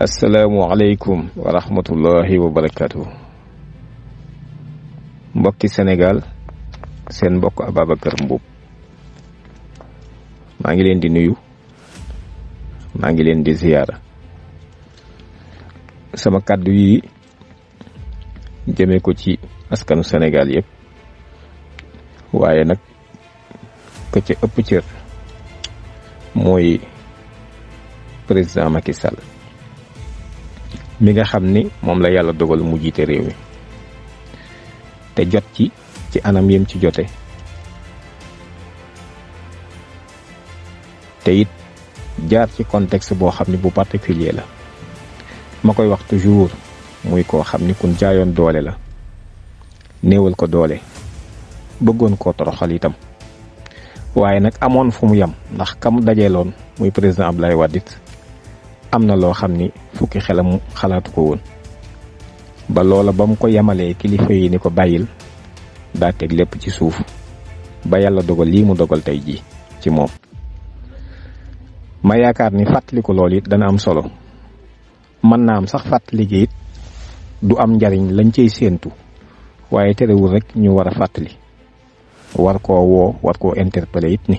asalaamualeykum wa rahmatullahi wa barakatuh mbokki Sénégal seen mbokk Ababacar Mboup maa ngi leen di nuyu maa ngi leen di ziyaara sama kàddu yi jëmee ko ci askanu Sénégal yëpp waaye nag ka ca ëpp cër mooy président Macky mi nga xam ni moom la yàlla dogal mu jiite réew mi te jot ci ci anam yim ci jote te it jaar ci contexte boo xam ni bu particulier la ma koy wax toujours muy koo xam ni kun jaayoon doole la néewal ko doole bëggoon koo toroxal itam waaye nag amoon fu mu yam ndax kam dajeeloon muy président Abdoulaye Wade it am na loo xam ni fukki xelamu xalaatu ko woon ba loola ba mu ko yemalee kilifa yi ni ko bàyyil daa teg lépp ci suuf ba yàlla dogal lii mu dogal tey jii ci moom ma yaakaar ni fàttaliku lool it dana am solo mën na am sax fàttali gi it du am njariñ lañ cey séentu waaye terewul rek ñu war a fàttali war koo woo war koo interpeller it ni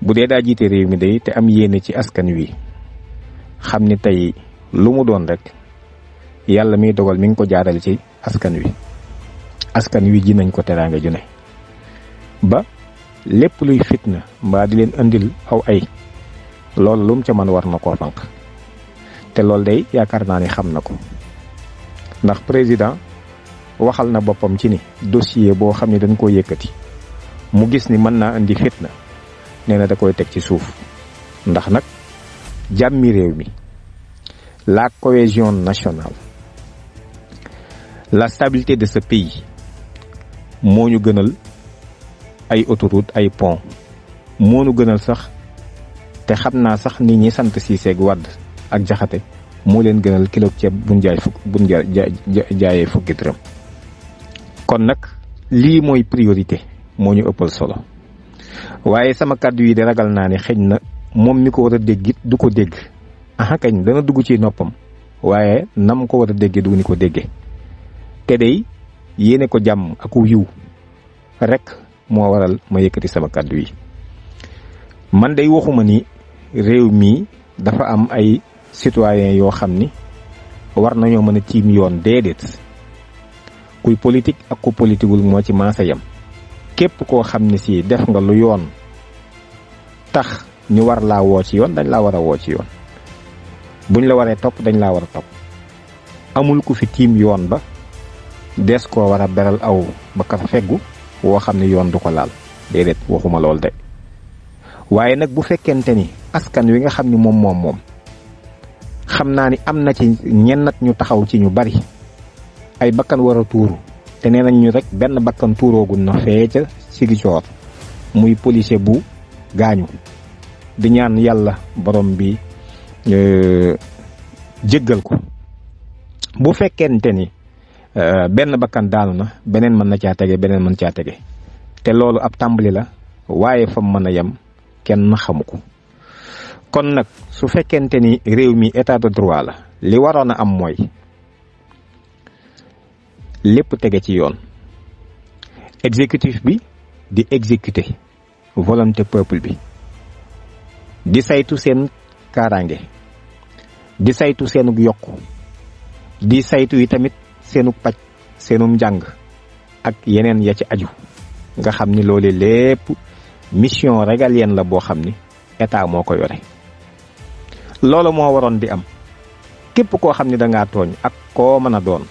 bu dee daa jiite réew mi day te am yéene ci askan wi xam ni tey lu mu doon rek yàlla miy dogal mi ngi ko jaarale ci askan wi askan wi ji nañ ko teraanga ju ne ba lépp luy fitna mbaa di leen indil aw ay loolu lum ca man war na koo fanq te loolu day yaakaar naa ni xam na ko ndax président waxal na boppam ci ni dossier boo xam ne dañ koo yëkkati mu gis ni mën naa indi fitna nee na da koy teg ci suuf ndax nag jàmmi réew mi la cohésion nationale la stabilité de ce pays moo ñu gënal ay autoroute ay pont moo ñu gënal sax te xam naa sax nit ñi sant siiseeg wàdd ak jaxate moo leen gënal kilo ceeb buñ jaay fukki dërëm kon nag lii mooy priorité moo ñu ëppal solo waaye sama kàddu yi de ragal naa ne xëñ na moom mi ko war a dégg it du ko dégg aha kañ dana dugg ci noppam waaye nam ko war a déggee du ni ko déggee te day yéene ko jàmm ak yiw rekk moo waral ma yëkkati sama kàddu yi man day waxuma ni réew mii dafa am ay citoyen yoo xam ni war nañoo mën a tiim yoon déedéet kuy politique ak ku politiqueul moo ci maasa yam képp koo xam ne si def nga lu yoon tax ñu war laa woo ci yoon dañ laa war a woo ci yoon buñ la waree topp dañ laa war a topp amul ku fi tiim yoon ba des koo war a beral aw bakkan ka feggu woo xam ne yoon du ko laal déedéet waxuma lool de waaye nag bu fekkente ni askan wi nga xam ni moom moom moom xam naa ni am na ci ñennat ñu taxaw ci ñu bari ay bakkan war a tuuru te nee nañ ñu rek benn bakkan tuuroogul na fee ca Sigicoor muy policier bu gaañu di ñaan yàlla borom bi euh, jéggal ko bu fekkente ni euh, benn bakkan daanu na beneen mën na caa tege beneen mën caa tege te loolu ab tàmbali la waaye fa mën a yem kenn xamu ko kon nag su fekkente ni réew mi état de droit la li waroon a am mooy lépp tege ci yoon exécutif bi di exécuter volonté peuple bi di saytu seen kaaraange di saytu seenug yokku di saytu yi tamit seenug paj seenum njàng ak yeneen ya ci aju nga xam ni loolu lépp mission régalienne la boo xam ni état moo ko yore loolu moo waroon di am képp koo xam ni danga tooñ ak koo mën a doon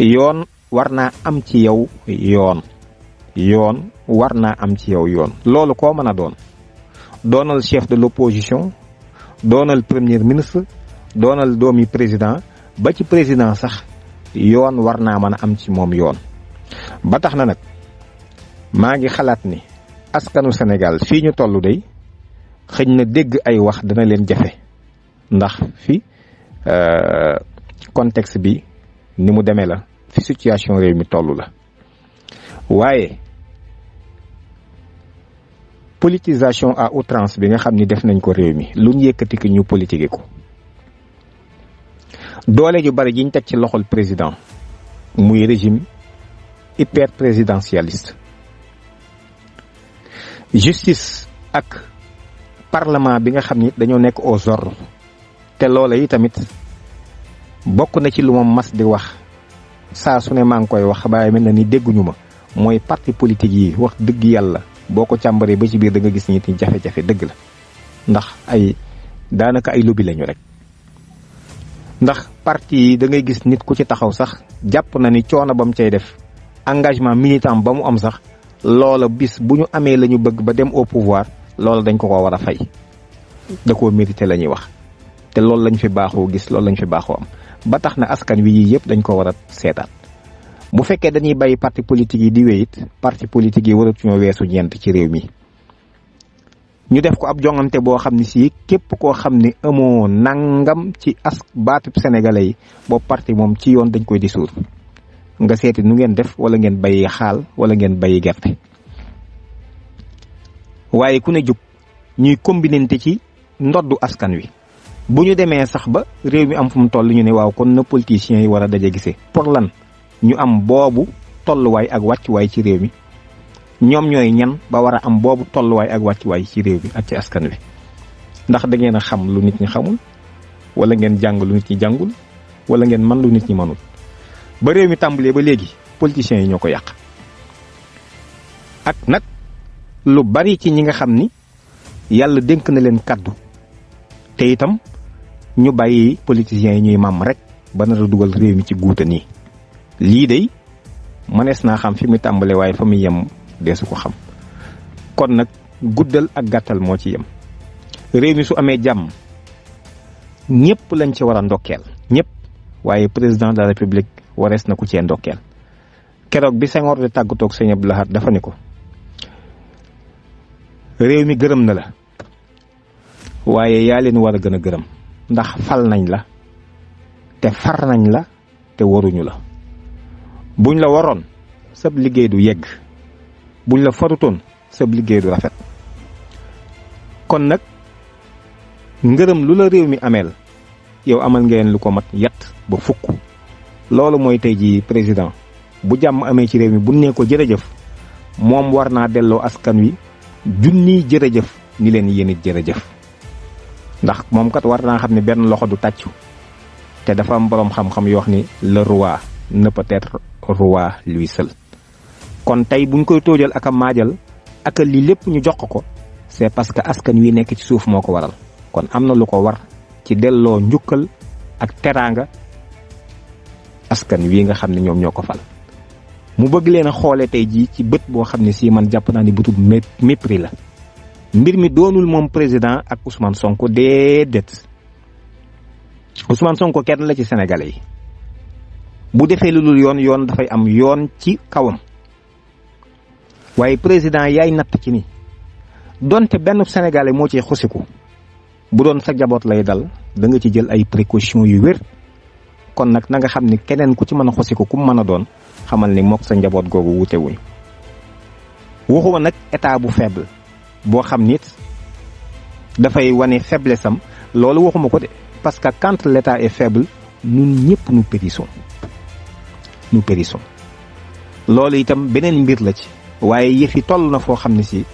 yoon war naa am ci yow yoon yoon war naa am ci yow yoon loolu koo mën a doon doonal chef de l'opposition doonal premier ministre doonal doomi président ba ci président sax yoon war naa mën a am ci moom yoon ba tax na nag maa ngi xalaat ni askanu Sénégal fii ñu toll day xëñ na dégg ay wax dana leen jafe ndax fi euh, contexte bi ni mu demee la fi situation réew mi toll la waaye politisation à outrance bi nga xam ni def nañ ko réew mi luñ yëkkati ki ñu politique ko doole ju bari jiñ teg ci loxol président muy régime hyper présidentialiste justice ak parlement bi nga xam ni dañoo nekk aux ordres te loola yi tamit bokk na ci lu ma mas di wax saa su ne maa ngi koy wax bàyyi mel na ni dégguñu ma mooy parti politique yi wax dëgg yàlla boo ko càmbaree ba ci biir da nga gis nit ñi jafe-jafe dëgg la ndax ay daanaka ay lobby lañu rek ndax parti yi da ngay gis nit ku ci taxaw sax jàpp na ni coono ba mu cay def engagement militant ba mu am sax loola bis bu ñu amee la ñu bëgg ba dem au pouvoir loola dañ ko ko war a fay da ko mérité la ñuy wax te loolu lañ fi baaxoo gis loolu lañu fi baaxoo am ba tax na askan wi yii yëpp dañ ko war a seetaat bu fekkee dañuy bàyyi parti politique yi di wéyit parti politique yi waratuñoo weesu ñeent ci réew mi ñu def ko ab jongante boo xam ne sii képp koo xam ne amoo nangam ci as baatu sénégalais yi boobu parti moom ci yoon dañ koy disuur nga seeti nu ngeen def wala ngeen bàyyi xaal wala ngeen bàyyi gerte waaye ku ne jub ñuy combinante ci ndoddu askan wi bu ñu demee sax ba réew mi am fu mu toll ñu ne waaw kon na politiciens yi war a daje gisee pour lan ñu am boobu tolluwaay ak wàccuwaay ci réew mi ñoom ñooy ñan ba war a am boobu tolluwaay ak wàccuwaay ci réew mi ak ci askan wi ndax da ngeen a xam lu nit ñi xamul wala ngeen jàng lu nit ñi jàngul wala ngeen man lu nit ñi mënul ba réew mi tàmbalee ba léegi politiciens yi ñoo ko yàq ak nag lu bari ci ñi nga xam ni yàlla dénk na leen kàddu te itam ñu bàyyi politiciens yi ñuy màmm rek ba nar dugal réew mi ci guuta nii lii de mënees naa xam fi mu tàmbale waaye fa mu yem deesu ko xam kon nag guddal ak gàttal moo ci yem réew mi su amee jàmm ñëpp lañ ci war a ndokkeel ñépp waaye président de la république warees na ku cee ndokkeel keroog bi Senghor di tàggatoog sëñ Abdou Lahad dafa ni ko réew mi gërëm na la waaye yaa leen war a gën a gërëm ndax fal nañ la te far nañ la te waruñu la buñ la waroon sab liggéey du yegg buñ la farutoon sab liggéey du rafet kon nag ngërëm lu la réew mi ameel yow amal nga ngeen lu ko mat yat ba fukk loolu mooy tey ji président bu jàmm amee ci réew mi bu nee ko jër jëf moom war naa delloo askan wi junniy jërëjëf ni leen yéen it jërëjëf ndax moom kat war naa xam ne benn loxo du tàccu te dafa am boroom xam-xam yoo wax ni le roi ne peut roi lui seul kon tey buñ koy tóojal ak maajal ak lii lépp ñu jox ko c'est parce que askan wi nekk ci suuf moo ko waral kon am na lu ko war ci delloo njukkal ak teraanga askan wi nga xam ne ñoom ñoo ko fal mu bëgg leen a xoolee tey jii ci bët boo xam ne si man jàpp naa ni bëtub mépris la mbir mi doonul moom président ak Ousmane Sonko déedéet Ousmane sonk kenn la ci sénégalais yi bu defee lu dul yoon yoon dafay am yoon ci kawam waaye président yaay natt ci ni donte benn sénégalais moo ci xusiku bu doon sa njaboot lay dal danga nga ci jël ay précaution yu wér kon nag na nga xam ni keneen ku ci mën a xusiku ku mën a doon xamal ni mook sa njaboot googu wute wuñ waxuma nag état bu faible boo xam nit dafay wane faiblesse am loolu waxuma ko de parce que quand l'état est faible ñun ñëpp nous périssons nous périssons loolu itam beneen mbir la ci waaye yëf yi toll na foo xam ne si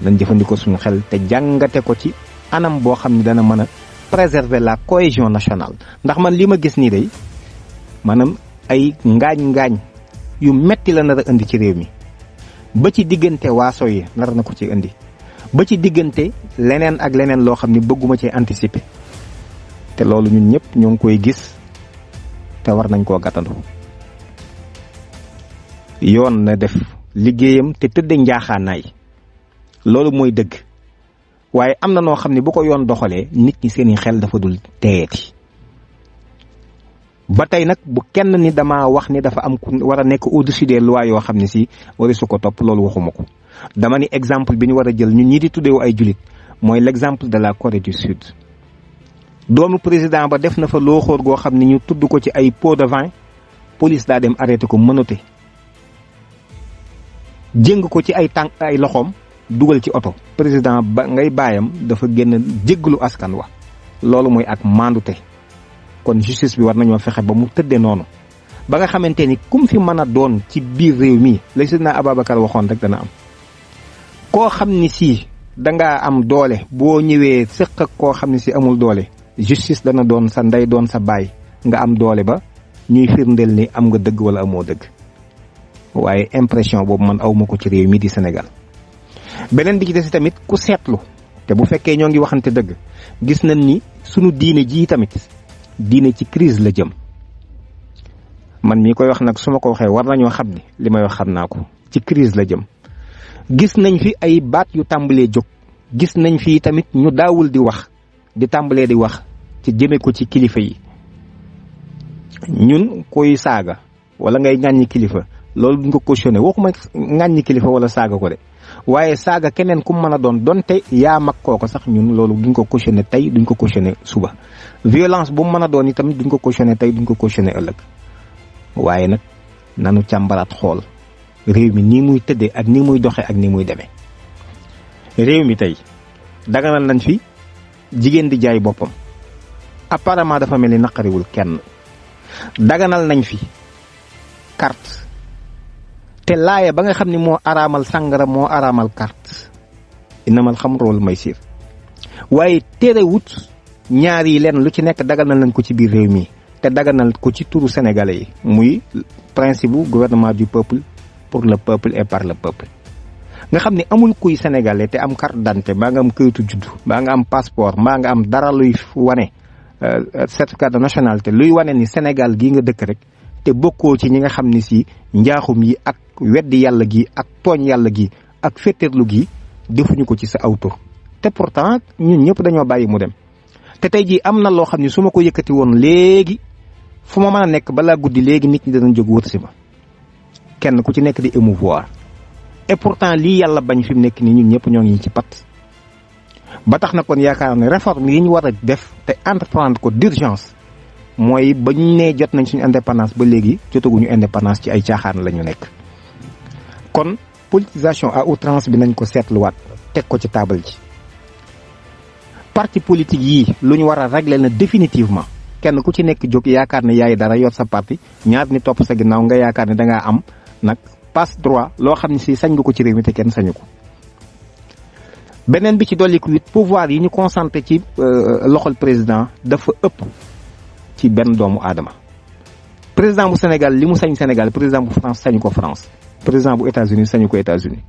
dañ jëfandikoo suñu xel te jàngate ko ci anam boo xam ne dana mën a préserver la cohésion nationale ndax man li ma gis nii day maanaam ay ngaañ-ngaañ yu metti la nar indi ci réew mi ba ci diggante waaso yi nar na ko ci indi ba ci diggante leneen ak leneen loo xam ne bëgguma cee anticiper te loolu ñun ñëpp ñoo ngi koy gis te war nañ koo gàttandu yoon na def liggéeyam te tëdd njaaxaanaay loolu mooy dëgg waaye am na noo xam ne bu ko yoon doxalee nit ñi seeni xel dafa dul teeyati ba tey nag bu kenn ni dama wax ni dafa am ku war a nekk au-dessus des yoo xam ne si wari su ko topp loolu waxuma ko dama ni exemple bi ñu war a jël ñu ñii di tuddeewu ay jullit mooy l'exemple de la Corée du Sud doomu président ba def na fa loo xóor goo xam ne ñu tudd ko ci ay pots de vin police daa dem arrêté ko mënote jëng ko ci ay tànk ay loxoom dugal ci oto président ba ngay baayam dafa génn jéggalu askan wa loolu mooy ak maandute kon justice bi war nañoo fexe ba mu tëddee noonu ba nga xamante ni kum fi mën a doon ci biir réew mi la sidna Ababacar waxoon rek dana am koo xam ni si dangaa am doole boo ñëwee sëq koo xam ne si amul doole justice dana doon sa ndey doon sa baay nga am doole ba ñuy firndeel ni am nga dëgg wala amoo dëgg waaye impression boobu man aw ko ci réew mi di Sénégal beneen bi ci des tamit ku seetlu te bu fekkee ñoo ngi waxante dëgg gis nañ ni sunu diine jii tamit diine ci crise la jëm man mii koy wax nag su ma ko waxee war nañoo xam ni li wax xam naa ko ci crise la jëm gis nañ fi ay baat yu tàmbalee jóg gis nañ fi tamit ñu daawul di wax di tàmbalee di wax ci jëme ko ci kilifa yi ñun koy saaga wala ngay ñaan ñi kilifa loolu duñ ko cautionné waxuma ŋàññi kilifa wala saaga ko de waaye saaga keneen ku mën a doon donte yaa mag ko sax ñun loolu duñ ko cautionné tey duñ ko cautionné suba violence bu mën a doon itam duñ ko cautionné tey duñ ko cautionné ëllëg waaye nag nanu càmbaraat xool réew mi nii muy tëddee ak nii muy doxee ak nii muy demee réew mi tey daganal nañ fi jigéen di jaay boppam apparemment dafa mel ni naqariwul kenn daganal nañ fi kart te laaya ba nga xam ne moo araamal sàngara moo araamal kart inamal xamru wal maysir waaye terewut ñaar yi leen lu ci nekk dagal na leen ko ci biir réew mi te dagal na ko ci turu sénégalais yi muy principe bu gouvernement du peuple pour le peuple et par le peuple nga xam ne amul kuy sénégalais te am carte d'identité mbaa nga am këyitu juddu mbaa nga am passeport mbaa nga am dara luy wane euh, euh, certificat de nationalité luy wane ni Sénégal gii nga dëkk rek te bokkoo ci ñi nga xam ne si njaaxum ak weddi yàlla gi ak tooñ yàlla gi ak féeteerlu gi defuñu ko ci sa aw te pourtant ñun ñëpp dañoo bàyyi mu dem te tey jii am na loo xam ne su ma ko yëkkati woon léegi fu ma mën a nekk balaa guddi léegi nit ñi danañ jóg wër si ma kenn ku ci nekk di émouvoir et pourtant lii yàlla bañ fi mu nekk nii ñun ñëpp ñoo ngi ci pat ba tax na kon yaakaar ne réforme yi ñu war a def te entreprendre ko d'urgence mooy ba ñu nee jot nañ suñu indépendance ba léegi jotaguñu indépendance ci ay caaxaan la ñu nekk. kon politisation à outrance bi nañ ko seetluwaat teg ko ci taabal ji parti politique yi lu ñu war a régler na définitivement kenn ku ci nekk jóg yaakaar ne yaay dara yor sa parti ñaar ni topp sa ginnaaw nga yaakaar ne dangaa am nag passe droit loo xam ne si sañ nga ko ci réew mi te kenn sañu ko beneen bi ci dolliku it pouvoir yi ñu concentré ci euh, loxol président dafa ëpp ci benn doomu aadama président bu Sénégal li mu sañ Sénégal président bu France sañu ko France président bu États-Unis sañu ko États-Unis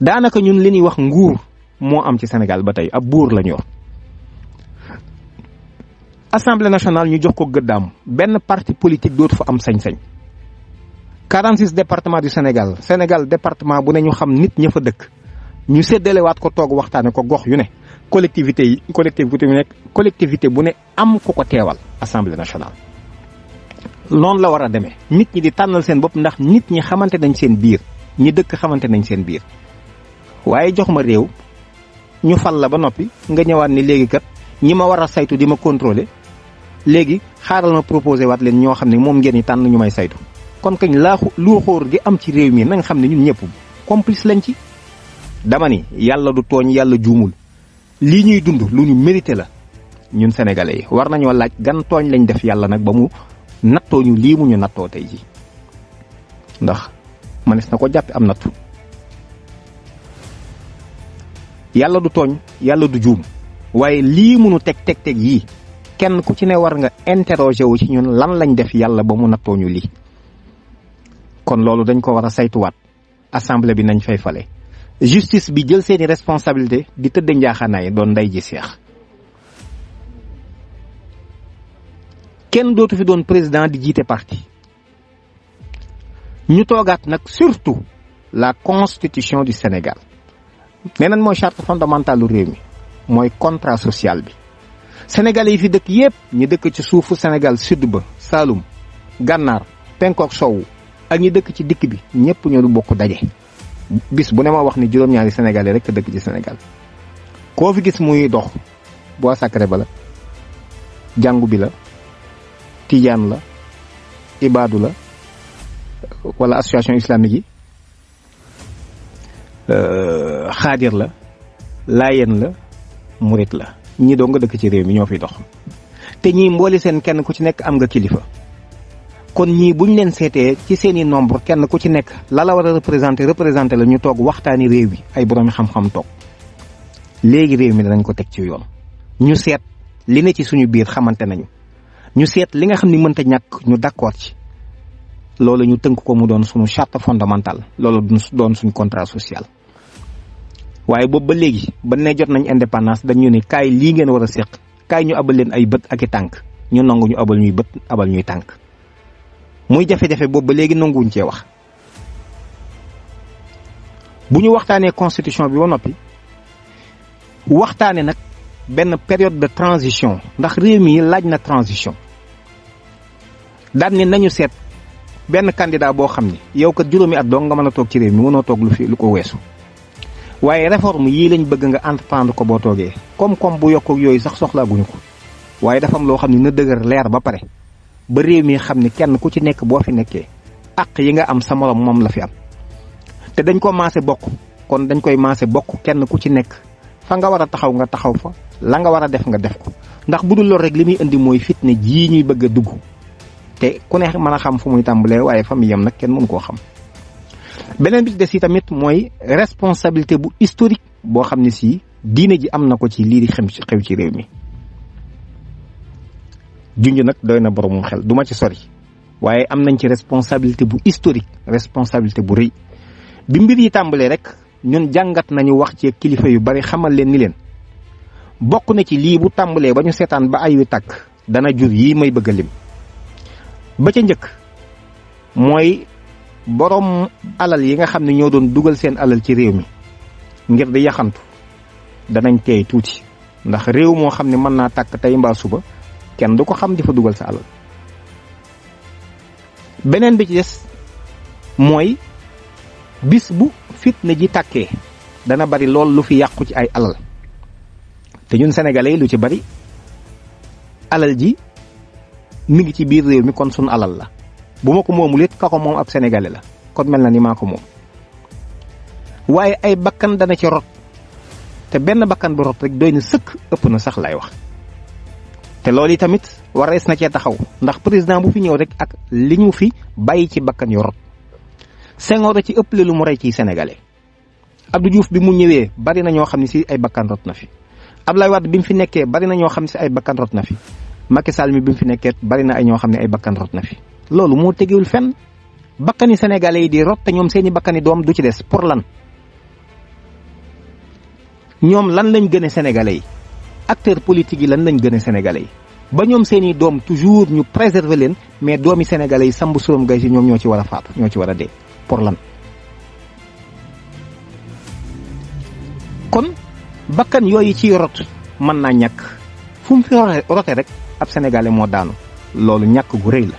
daanaka ñun li ñuy wax nguur moo am ci Sénégal ba tey ab buur la wax assemblée nationale ñu jox ko gëddaam benn parti politique dootu fu am sañ-sañ 46 département du Sénégal Sénégal département bu ne ñu xam nit ña fa dëkk ñu séddalewaat ko toog waxtaane ko gox yu ne collectivité yi collectivité bu nekk collectivité bu ne am ko ko teewal assemblée nationale noonu la war a demee nit ñi di tànnal seen bopp ndax nit ñi xamante nañ seen biir ñi dëkk xamante nañ seen biir waaye jox ma réew ñu fal la ba noppi nga ñëwaat ni léegi kat ñi ma war a saytu di ma contrôler léegi xaaral ma proposé waat leen ñoo xam ne moom ngeen ñi tànn ñu may saytu. kon kañ laa lu xóor gi am ci réew mi na xam ne ñun ñëpp complice lañ ci dama ni yàlla du tooñ yàlla juumul lii ñuy dund lu ñu mérité la ñun sénégalais yi war nañoo laaj gan tooñ lañ def yàlla nag ba mu. nattoo ñu lii mu ñu nattoo tey ji ndax mënees na ko jàppe am nattu yàlla du tooñ yàlla du juum waaye lii munu teg teg teg yii kenn ku ci ne war nga interroger wu ci ñun lan lañ def yàlla ba mu nattoo ñu lii kon loolu dañ ko war a saytuwaat assemblée bi nañu fay fale justice bi jël seeni responsabilité di tëdd njaaxaanaay doon nday ji seex kenn dootu fi doon président di jiite parti ñu toogaat nag surtout la constitution di Sénégal nee nañ mooy charte fondamentale réew mi mooy contrat social bi sénégalais yi fi dëkk yépp ñu dëkk ci suufu Sénégal sud ba Saloum gànnaar penkook sowwu ak ñu dëkk ci dikk bi ñëpp ñoo bokk daje bis bu ne ma wax ni juróom-ñaari sénégalais rek te dëkk ci Sénégal koo fi gis muy dox boo sacré ba la jàngu bi la tijaan la ibaadu la wala association islamique yi euh, xaadir la laayeen la murit la ñi doo nga dëkk ci réew mi ñoo fi dox te ñii mbooli seen kenn ku ci nekk am nga kilifa kon ñii buñ leen seetee ci seen i nombre kenn ku ci nekk la la war a représenté représenté la ñu toog waxtaani réew bi ay borom xam-xam toog léegi réew mi danañ ko teg ci yoon ñu seet li ne ci suñu biir xamante nañu ñu seet li nga xam ni mënta ñàkk ñu d'accord ci loolu ñu tënk ko mu doon suñu charte fondamentale loolu doon suñu contrat social. waaye boobu ba léegi ba ne jot nañ indépendance dañu ne kaay lii ngeen war a seq kaay ñu abal leen ay bët ak i tànk ñu nangu ñu abal ñuy bët abal ñuy tànk muy jafe-jafe boobu ba léegi nanguwuñ cee wax. bu ñu waxtaanee constitution bi ba noppi waxtaanee nag. benn période de transition ndax réew mi laaj na transition daan ni nañu seet benn candidat boo xam ni yow ko juróomi at doon nga mën a toog ci réew mi mënoo toog lu fi lu ko weesu waaye réforme yii lañu bëgg nga entreprendre ko boo toogee koom-koom bu yokk yooyu sax soxlaaguñu ko waaye dafa am loo xam ne na dëgër leer ba pare ba réew mi xam ni kenn ku ci nekk boo fi nekkee àq yi nga am sa morom moom la fi am te dañ ko maase bokk kon dañ koy maase bokk kenn ku ci nekk fa nga war a taxaw nga taxaw fa la nga war a def nga def ko ndax bu dul loolu rek li muy indi mooy fitne jii ñuy bëgg a dugg te ku ne mën a xam fu muy tàmbalee waaye famille am nag kenn mënu koo xam beneen bi ci des yi tamit mooy responsabilité bu historique boo xam ne si diine ji am na ko ci lii di xew ci xew ci réew mi junj nag doy na boromum xel duma ci sori waaye am nañ ci responsabilité bu historique responsabilité bu rëy bi mbir yi tàmbalee rek ñun jàngat nañu wax ci kilifa yu bari xamal leen ni leen bokk na ci lii bu tàmbalee ba ñu seetaan ba ay wi tàkk dana jur yii may bëgg a lim ba ca njëkk mooy boroom alal yi nga xam ne ñoo doon dugal seen alal ci réew mi ngir di yaxantu danañ teey tuuti ndax réew moo xam ne mën naa tàkk tey mbaa suba kenn du ko xam di fa dugal sa alal beneen bi ci des mooy bis bu fitna ji tàkkee dana bari lool lu fi yàqu ci ay alal te ñun sénégalais yi lu ci bari alal ji mu ngi ci biir réew mi kon sunu alal la bu ma ko moomul it ka ko moom ab sénégalais la kon mel na ni maa ko moom waaye ay bakkan dana ci rot te benn bakkan bu rot rek doy na sëkk ëpp na sax lay wax te loolu yi tamit warees na cee taxaw ndax président bu fi ñëw rek ak li ñu fi bàyyi ci bakkan yu rot Senghor ci ëpp lu mu rey ci sénégalais Abdou Diouf bi mu ñëwee bari na ñoo xam ne si ay bakkan rot na fi Ablaye Wade bi mu fi nekkee bari na ñoo xam si ay bakkan rot na fi Macky mi bi mu fi nekkee bari na ay ñoo xam ne ay bakkan rot na fi loolu moo tegiwul fenn bakkani sénégalais yi di rot te ñoom seeni bakkani doom du ci des pour lan ñoom lan lañ gën a sénégalais yi acteurs politiques yi lan lañ gën a sénégalais yi ba ñoom seeni doom toujours ñu préserver leen mais doomi sénégalais yi samb suróom gay si ñoom ñoo ci war a faatu ñoo ci war a dee pour lan bakkan yooyu ci rot mën naa ñàkk fu mu fi rote rek ab sénégalais moo daanu loolu ñàkk gu rëy la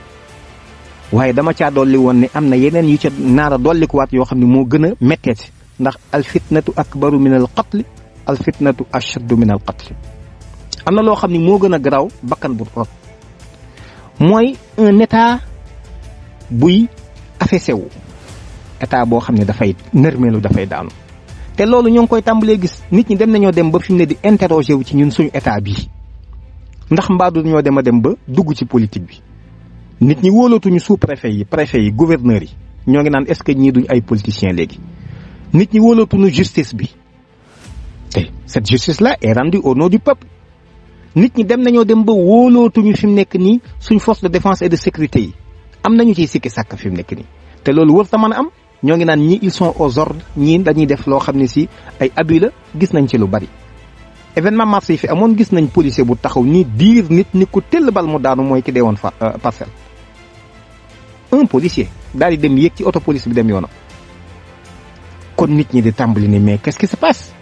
waaye dama caa dolli woon ne am na yeneen yu ca naara dollikuwaat yoo xam ne moo gën a métteeti ndax alfitnatu akbaru min al qatli alfitnatu ashaddu min al qatli am na loo xam ne moo gën a garaaw bakkan bu rot mooy un buy affaissé wu état boo xam ne dafay nërmeelu dafay daanu te loolu ñoo ngi koy tàmbalee gis nit ñi dem nañoo dem ba fi mu ne di interroger wu ci ñun suñu état bii ndax mbaadu ñoo dem a dem ba dugg ci politique bi nit ñi wóolootuñu sous préfet yi préfet yi gouverneurs yi ñoo ngi naan est-ce que ñii duñ ay politiciens léegi nit ñi wóolootuñu justice bi te cette justice là est rendue au nom nit ñi dem nañoo dem ba wóolootuñu fi mu nekk nii suñ force de défense et de sécurité yi am nañu ciy sikki sàkk fi mu nekk nii te loolu wër ta mën a am ñoo ngi naan ñi ils sont aux ñii dañuy def loo xam ne si ay abus la gis nañ ci lu bari. événement mars yi fi amoon gis nañ policier bu taxaw ni diir nit ni ku tell bal mu daanu mooy ki dee woon fa euh, parcelle un policier daal di dem yéeg ci auto police bi dem yoonam kon nit ñi di tàmbali ni mais qu'est-ce qui se passe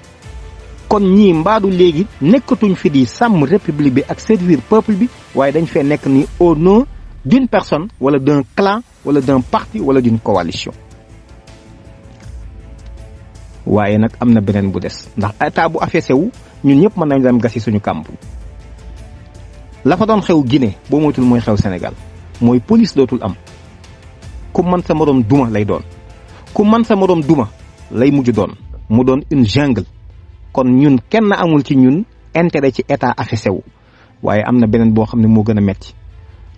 kon ñii mbaadu léegi nekkatuñ fi di sàmm république bi ak servir peuple bi waaye dañ fee nekk ni au nom d'une personne wala d'un clan wala d'un parti wala d'une coalition waaye nag am na beneen bu des ndax état bu affaissé wu ñun ñëpp mën nañu dem gasi suñu kàmb la fa doon xew Guinée boo moytul mooy xew senegal mooy police dootul am ku man sa moroom duma lay doon ku man sa moroom duma lay mujj doon mu doon une jungle kon ñun kenn amul ci ñun intérêt ci état affaissé wu waaye am na beneen boo xam ne moo gën a metti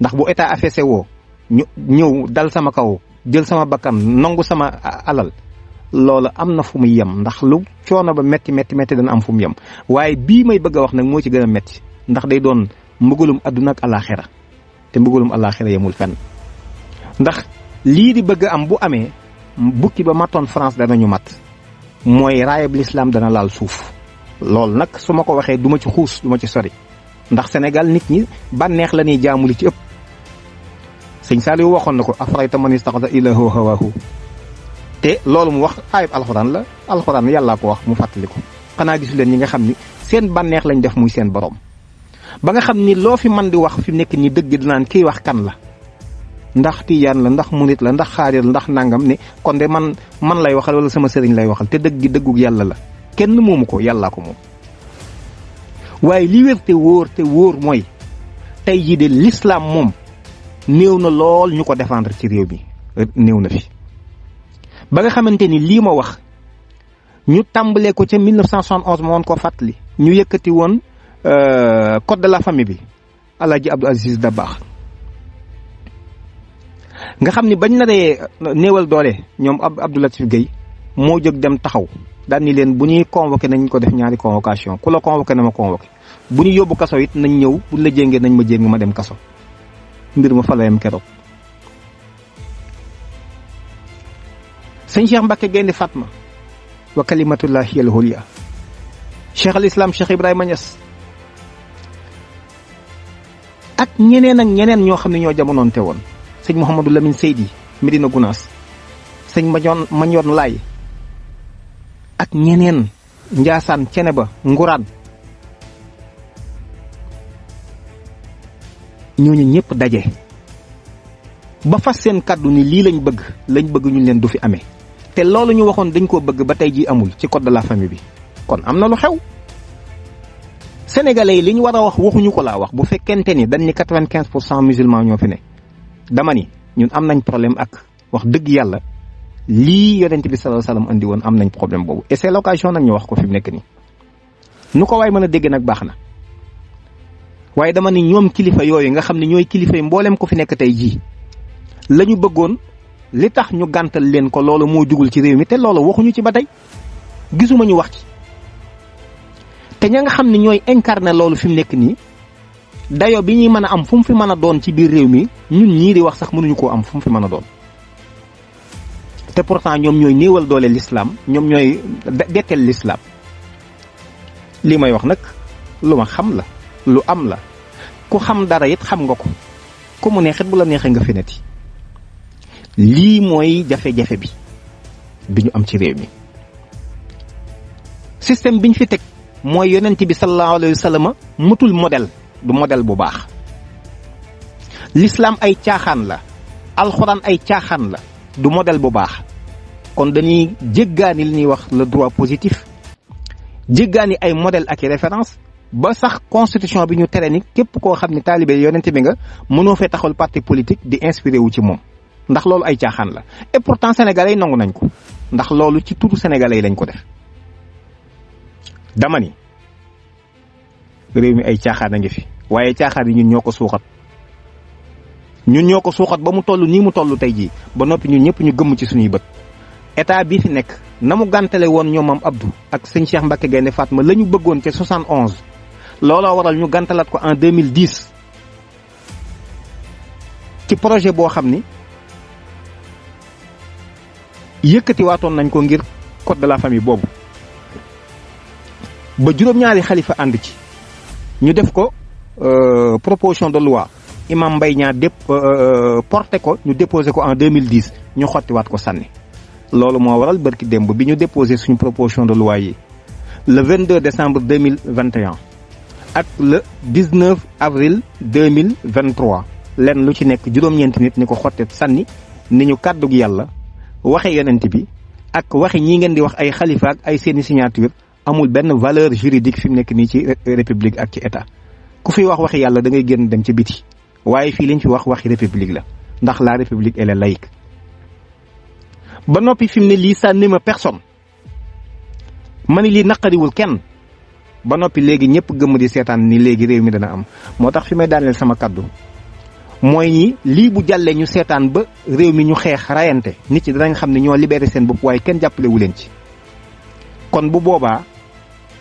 ndax bu état affaissé woo ñu ñëw dal sama kaw jël sama bakkan nangu sama alal loola am na fu mu yem ndax lu coono ba metti métti dana am fu mu yem waaye bii may bëgg a wax nag moo ci gën a métti ndax day doon mbugalum àdduna ak àllaaxira te mbugalum àllaaxira yemul fenn ndax lii di bëgg am bu amee bukki ba mattoon France danañu mat mooy raayab lislaam dana laal suuf loolu nag su ma ko waxee du ma ci xuus du ci sori ndax senegal nit ñi banneex la ñuy jaamu li ci ëpp sëñ Saliou waxoon na ko afrayta man istaxda ilaahu hawaahu te loolu mu wax ayib alxuraan la alxuraan yàllaa ko wax mu fàttali ko xanaa gisu leen ñi nga xam ni seen bànneex lañu def muy seen borom ba nga xam ni loo fi man di wax fi mu nekk nii dëgg dinaan kiy wax kan la ndax tijaan la ndax murit la ndax xaadir ndax nangam ni kon de man man lay waxal wala sama sëriñ lay waxal te dëgg gi dëggug yàlla la kenn moomu ko yàllaa ko moom. waaye li wér te wóor te wóor mooy tey jii de lislaam moom néew na lool ñu ko défendre ci réew mi na fi. ba nga xamante ni lii ma wax ñu tàmbalee ko ca 1971 ma woon koo fàttali ñu yëkkati woon euh, code de la famille bi Alaaji Abdou Aziz baax nga xam ni bañ naree euh, néewal doole ñoom Abdou Latif Gueye moo jóg dem taxaw daan ni leen bu ñuy convoqué nañ ko def ñaari convocation ku la convoqué na ma convoqué bu ñu yóbbu kaso it nañ ñëw bu la jéngee nañ ma jéng ma dem kaso mbir ma fa yem keroog sëñ Cheikh Mbacke Gaynde Fatma wa kalimatullahi hiya al-ulya Cheikh al Islam Cheikh Ibrahima Niass ak ñeneen ak ñeneen ñoo xam ne ñoo jamonoonte woon sëñ Mouhamadou Lamine Seydi Medina Gounass sëñ Mañoon Mañoon lay ak ñeneen Njaasaan cene ba Nguraan ñooñu ñëpp daje ba fas seen kàddu ni lii lañ bëgg lañ bëgg ñu leen du fi amee te loolu ñu waxoon dañ koo bëgg ba tey jii amul ci code la famille bi kon am na lu xew sénégalais yi li ñu war a wax waxuñu ko laa wax bu fekkente ni dañ ni quatre pour cent musulmans ñoo fi ne dama ni ñun am nañ problème ak wax dëgg yàlla lii yonent bi sallallahu alayhi wasallam andi woon am nañ problème boobu et c'est l'occasion nag ñu wax ko fi nekk nii nu ko waay mën a dégg nag baax na waaye dama ni ñoom kilifa yooyu nga xam ne ñooy kilifa yi mboolem ko fi nekk tey jii la ñu bëggoon li tax ñu gàntal leen ko loolu moo jugul ci réew mi te loolu waxuñu ci ba tey gisuma ñu wax ci te ña nga xam ne ñooy incarné loolu fi mu nekk nii dayo bi ñuy mën a am fu mu fi mën a doon ci biir réew mi ñun ñii di wax sax mënuñu koo am fu mu fi mën a doon te pourtant ñoom ñooy néewal doole lislaam ñoom ñooy deteel lislaam li may wax nag lu ma xam la lu am la ku xam dara it xam nga ko ku mu neexit bu la neexee nga fi neti lii mooy jafe-jafe bi bi ñu am ci réew mi système bi ñu fi teg mooy yonent bi sallallahu alayhi wa sallam mutul du model bu baax l'islam ay caaxaan la alxuraan ay caaxaan la du model bu baax kon dañuy jéggaani li ñuy wax le droit positif jéggaani ay modèle ak i référence ba sax constitution bi ñu tere ni képp koo xam ne taalibe yonent bi nga mënoo fee taxul parti politique di inspiré wu ci moom ndax loolu ay caaxaan la et pourtant sénégalais yi nangu nañ ko ndax loolu ci turu sénégalais yi lañ ko def dama ni réew mi ay caaxaan a ngi fi waaye caaxaan yi ñun ñoo ko suuxat ñun ñoo ko suuxat ba mu toll nii mu toll tey jii ba noppi ñun ñëpp ñu gëmm ci suñuy bët état bii fi nekk na mu gàntale woon ñoom Mame Abdou ak sëñ Cheikh Mbacke Gaynde Fatma la ñu bëggoon ca 71 looloo waral ñu gàntalaat ko en 2010 ci projet boo xam ni. yëkkati waatoon nañ ko ngir code de la famille boobu ba juróom-ñaari xalifa ànd ci ñu def ko euh, proposition de loi imam Mbaye ñaa dép euh, euh, porté ko ñu déposé ko en 2010 ñu xottiwaat ko sànni loolu moo waral bërki démb bi ñu déposé suñu proposition de loi yi le 22 décembre 2021 ak le 19 avril 2023 lenn lu ci nekk juróom-ñeenti nit ñu ko xotte sànni ni ñu kàddug yàlla waxe yonent bi ak waxe ñi ngeen di wax ay xalifa ak ay seeni signature amul benn valeur juridique fi mu nekk nii ci république ak ci état ku fi wax waxi yàlla da ngay génn dem ci biti waaye fii liñ fi wax waxi république la ndax la répiblique elle est laïque ba noppi fi mu ne lii sànni ma personne ma ni lii naqariwul kenn ba noppi léegi ñëpp gëmm di seetaan ni léegi réew mi dana am moo tax fi may daaneel sama kàddu mooy ñi lii bu jàllee ñu seetaan ba réew mi ñu xeex rayante nit ñi danañ xam ne ñoo libere seen bopp waaye kenn jàppalewu leen ci kon bu boobaa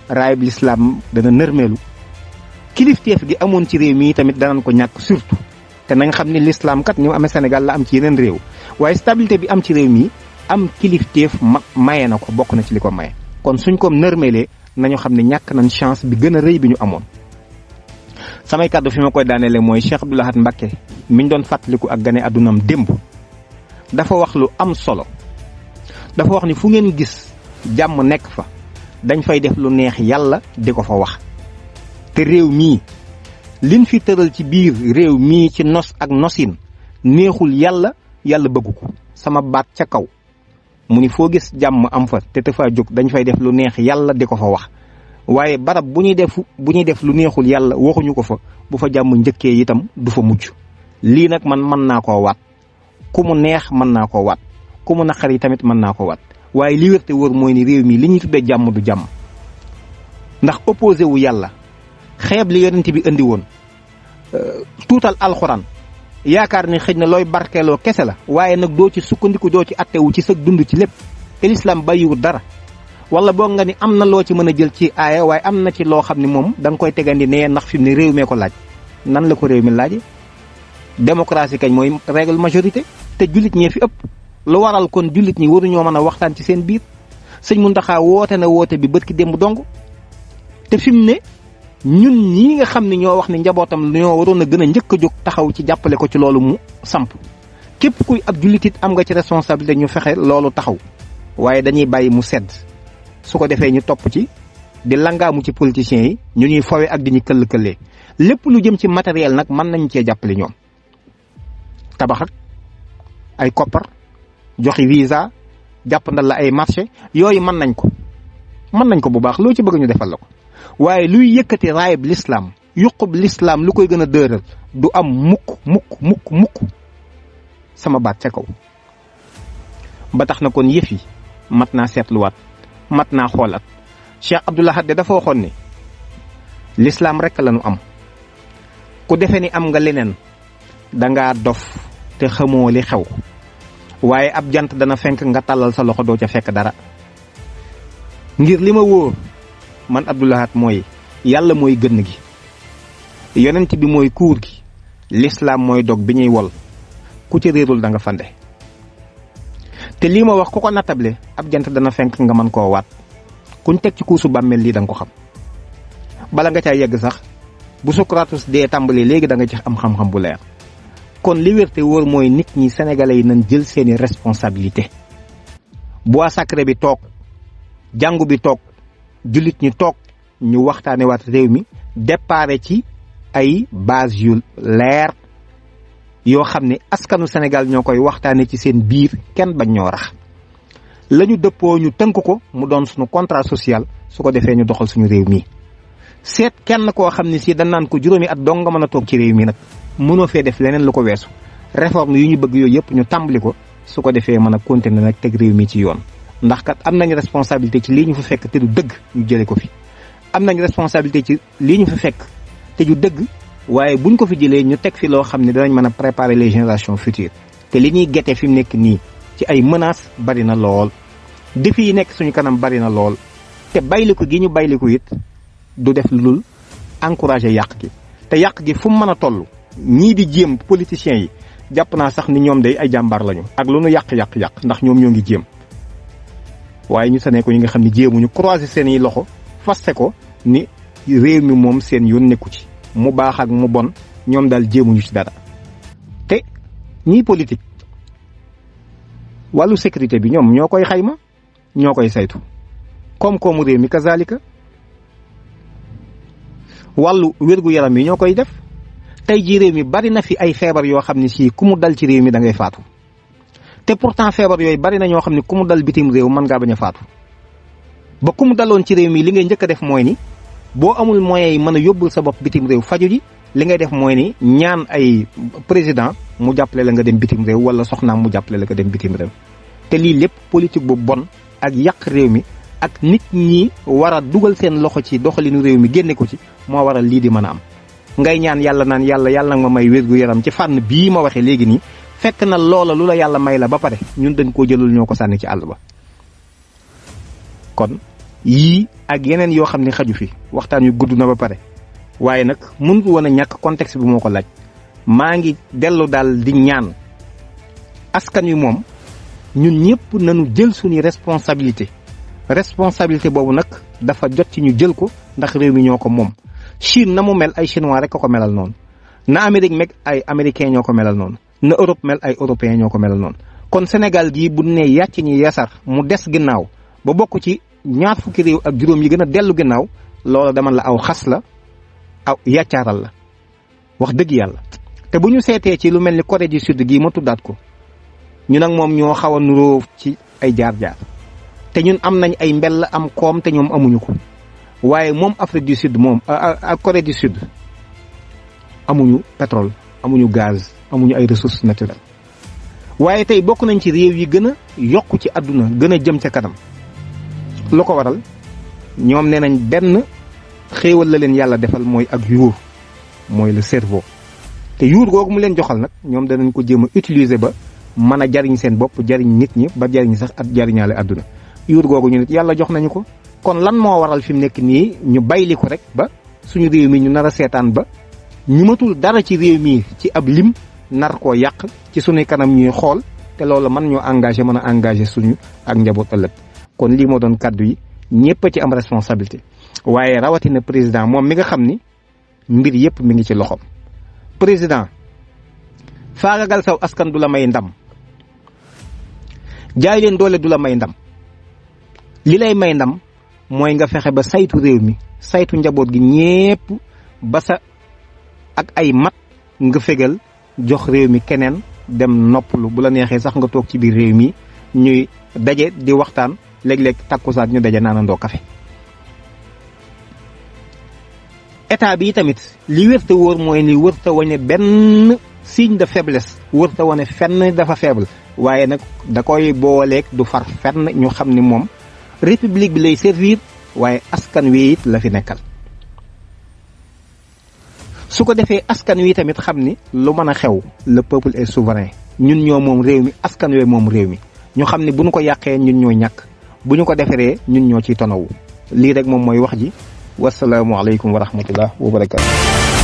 raayub lislaam dana nërmeelu kilifteef gi amoon ci réew mii tamit danañ ko ñàkk surtout te na xam ne lislaam kat ni mu amee Sénégal la am ci yeneen réew waaye stabilité bi am ci réew mi am kilifteef ma maye na ko bokk na ci li ko maye kon suñ ko nërmeelee nañu xam ne ñàkk nañ chance bi gën a rëy bi ñu amoon samay kàddu fi ma koy daaneele mooy Cheikh Abdou Lahad Mbacké mi ñu doon fàttaliku ak gane àddunam démb dafa wax lu am solo dafa wax ni fu ngeen gis jàmm nekk fa dañ fay def lu neex yàlla di ko fa wax te réew mii lin fi tëral ci biir réew mii ci nos ak nosin neexul yàlla yàlla bëggu ko sama baat ca kaw mu ni foo gis jàmm am fa te te faa jóg dañ fay def lu neex yàlla di ko fa wax waaye barab bu ñuy def bu ñuy def lu neexul yàlla waxuñu ko fa bu fa jàmm njëkkee itam du fa mujj lii nag man mën naa ko waat ku mu neex mën naa ko waat ku mu naqar yi tamit mën naa ko waat waaye li wérte wóor mooy ni réew mi li ñuy tuddee jàmm du jàmm ndax opposé wu yàlla xeeb li yonent bi indi woon euh, tuutal alxuraan yaakaar ni xëj na looy barkeeloo kese la waaye nag doo ci sukkandiku doo ci attewu ci sëg dund ci lépp te lislaam bàyyiwul dara wala boog nga ni am na loo ci mën a jël ci aaya waaye am na ci loo xam ni moom da nga koy tegandi nee ndax fi mu ne réew mee ko laaj nan la ko réew mi laaj démocratie kañ mooy règle majorité te jullit ñee fi ëpp lu waral kon jullit ñi waruñoo mën a waxtaan ci seen biir sëñ mu Muntaxa woote na woote bi bët ki démb dong te fi mu ne ñun ñii nga xam ne ñoo wax ne njabootam ñoo waroon a gën a njëkk a jóg taxaw ci jàppale ko ci loolu mu samp képp kuy ab jullitit am nga ci responsabilité ñu fexe loolu taxaw waaye dañuy bàyyi mu sedd su ko defee ñu topp ci di langaamu ci politiciens yi ñu ñuy fowe ak di ñu këll-këllee lépp lu jëm ci matériel nag mën nañ cee jàppale ñoom tabax ak ay koppar joxi visa jàppandal la ay marché yooyu mën nañ ko mën nañ ko bu baax loo ci bëgg ñu defal la ko waaye luy yëkkati raayab lislaam yuqub lislaam lu koy gën a dëral du am mukk mukk mukk mukk sama baat ca kaw ba tax na kon yëf yi mat naa seetluwaat mat naa xoolaat Cheikh Abdoul de dafa waxoon ni lislaam rek la ñu am ku defe ni am nga leneen dangaa dof te xamoo li xew waaye ab jant dana fenk nga tàllal sa loxo doo ca fekk dara ngir li ma wóor man Abdoul mooy yàlla mooy gënn gi yonent bi mooy kuur gi lislaam mooy dog bi ñuy wol ku ci réerul da fande te lii ma wax ku ko natable ab jant dana fenk nga mën koo waat kuñ teg ci kuusu bàmmeel lii danga ko xam bala nga caa yegg sax bu Socrates dee tàmbali léegi da nga ci am xam bu leer kon li wér mooy nit ñi sénégalais yi nañ jël seeni responsabilité bois sacré bi toog jàngu bi toog jullit ñi toog ñu waxtaane waat réew mi dépare ci ay base yu leer yoo xam ne askanu Sénégal ñoo koy waxtaane ci seen biir kenn bañ ñoo rax la ñu dëppoo ñu tënk ko mu doon suñu contrat sociale su ko defee ñu doxal suñu réew mi seet kenn koo xam ne sii dañ naan ko juróomi at dong nga mën a toog ci réew mi nag mënoo fee def leneen lu ko weesu réforme yu ñu bëgg yooyu yëpp ñu tàmbali ko su ko defee mën a continuer nag teg réew mii ci yoon ndax kat am nañu responsabilité ci lii ñu fa fekk te du dëgg ñu jëlee ko fi am nañu responsabilité ci lii ñu fa fekk te du dëgg waaye buñ ko fi jëlee ñu teg fi loo xam ne danañ mën a préparer les générations futures te li ñuy gete fi mu nekk nii ci ay menaces bari na lool défis yi nekk suñu kanam bari na lool te bayliku gi ñu bayliku it du def lu dul encourager yàq gi te yàq gi fu mu mën a toll ñii di jéem politiciens yi jàpp naa sax ni ñoom day ay jàmbaar lañu. ak lu nu yàq-yàq-yàq ndax ñoom ñoo ngi jéem waaye ñu sane ko ñi nga xam ne jéemuñu croiser seen i loxo faste ko ni réew mi moom seen yoon nekku ci mu baax ak mu bon ñoom daal jéemuñu ci dara te ñiy politique wàllu sécurité bi ñoom ñoo koy xayma ñoo koy saytu koom-koomu réew mi kazalika wàllu wér-gu-yaram yi ñoo koy def tey jii réew mi bari na fi ay feebar yoo xam ne sii ku mu dal ci réew mi da ngay faatu te pourtant feebar yooyu bari na ñoo xam ne ku mu dal bitim réew man ngaa bañ a faatu ba ku mu daloon ci réew mi li ngay njëkk a def mooy ni boo amul moyens yi mën a yóbbul sa bopp bitim réew faju ji li ngay def mooy ni ñaan ay président mu jàppale la nga dem bitim réew wala soxnaam mu jàppale la nga dem bitim réew te lii lépp politique bu bon ak yàq réew mi ak nit ñi war a dugal seen loxo ci doxalinu réew mi génne ko ci moo waral lii di mën a am ngay ñaan yàlla naan yàlla yàlla nga may wér gu yaram ci fànn bii ma waxee léegi nii fekk na loola lu la yàlla may la ba pare ñun dañ koo jëlul ñoo ko sànni ci àll ba yii ak yeneen yoo xam ne xaju fi waxtaan yu gudd na ba pare waaye nag mënut woon a ñàkk contexte bi moo ko laaj maa ngi dellu daal di ñaan askan wi moom ñun ñëpp nañu jël suñu responsabilité responsabilité boobu nag dafa jot ci ñu jël ko ndax réew mi ñoo ko moom Chine na mu mel ay chinois rek a ko melal noonu na Amérique meg ay américains ñoo ko melal noonu na Europe mel ay européens ñoo ko melal noonu kon Sénégal gii bu ne yàcc ñi yasar mu des ginnaaw ba bokk ci ñaar fukki réew ak juróom yi gën a dellu ginnaaw loola demal la aw xas la aw yàccaaral la wax dëgg yàlla te bu ñu seetee ci lu mel ni Corée du Sud gi ma tuddaat ko ñu nag moom ñoo xaw a nuróo ci ay jaar-jaar te ñun am nañ ay mbell am koom te ñoom amuñu ko waaye moom Afrique du Sud moom ak Corée du Sud amuñu pétrole amuñu gaz amuñu ay ressources naturelles waaye tey bokk nañ ci réew yi gën a yokk ci àdduna gën a jëm ca kanam lu ko waral ñoom nee nañ benn xéewal la leen yàlla defal mooy ak yuur mooy le cerveau te yuur googu mu leen joxal nag ñoom danañ ko jéem a utiliser ba mën a jariñ seen bopp jariñ nit ñi ba jariñ sax at jariñaale àdduna yuur googu ñu nit yàlla jox nañu ko kon lan moo waral fi mu nekk nii ñu bayli ko rek ba suñu réew mi ñu nar a seetaan ba ñu matul dara ci réew mi ci ab lim nar koo yàq ci suñuy kanam ñuy xool te loolu mën ñoo engagé mën a engagé suñu ak njaboot ëllëg kon lii moo doon kàddu yi ñëpp a ci am responsabilité waaye rawatina président moom mi nga xam ni mbir yëpp mu ngi ci loxoom. président faagagal saw askan du la may ndam jaay doole du la may ndam li lay may ndam mooy nga fexe ba saytu réew mi saytu njaboot gi ñëpp ba sa ak ay mat nga fegal jox réew mi keneen dem noppalu bu la neexee sax nga toog ci biir réew mi ñuy daje di waxtaan. léeg takkusaat ñu daje naanandoo kafe état bii tamit li wérte wóor mooy ni wërta wane benn signe de faiblesse wërta wane fenn dafa faible waaye nag da koy booleek du far fenn ñu xam ni moom république bi lay servir waaye askan wi la fi nekkal su ko defee askan wi tamit xam ni lu mën a xew le peuple est souverain ñun ñoo moom réew mi askan wi moom réew mi ñu xam ne bu ñu ko yàqee ñun ñoo ñàkk bu ñu ko defaree ñun ñoo ciy tonawu lii rek moom mooy wax ji wasalaamualeykum wa rahmatullah wa barakatu